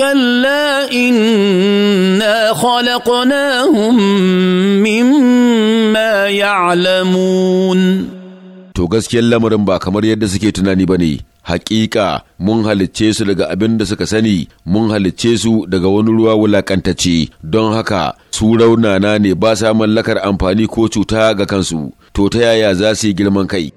كلا إنا خلقناهم مما يعلمون to gaskiyar lamarin ba kamar yadda suke tunani ba ne hakika mun halicce su daga abin da suka sani mun halicce su daga wani ruwa wulakantacce don haka su na ne ba sa mallakar amfani ko cuta ga kansu to ta yaya za su yi girman kai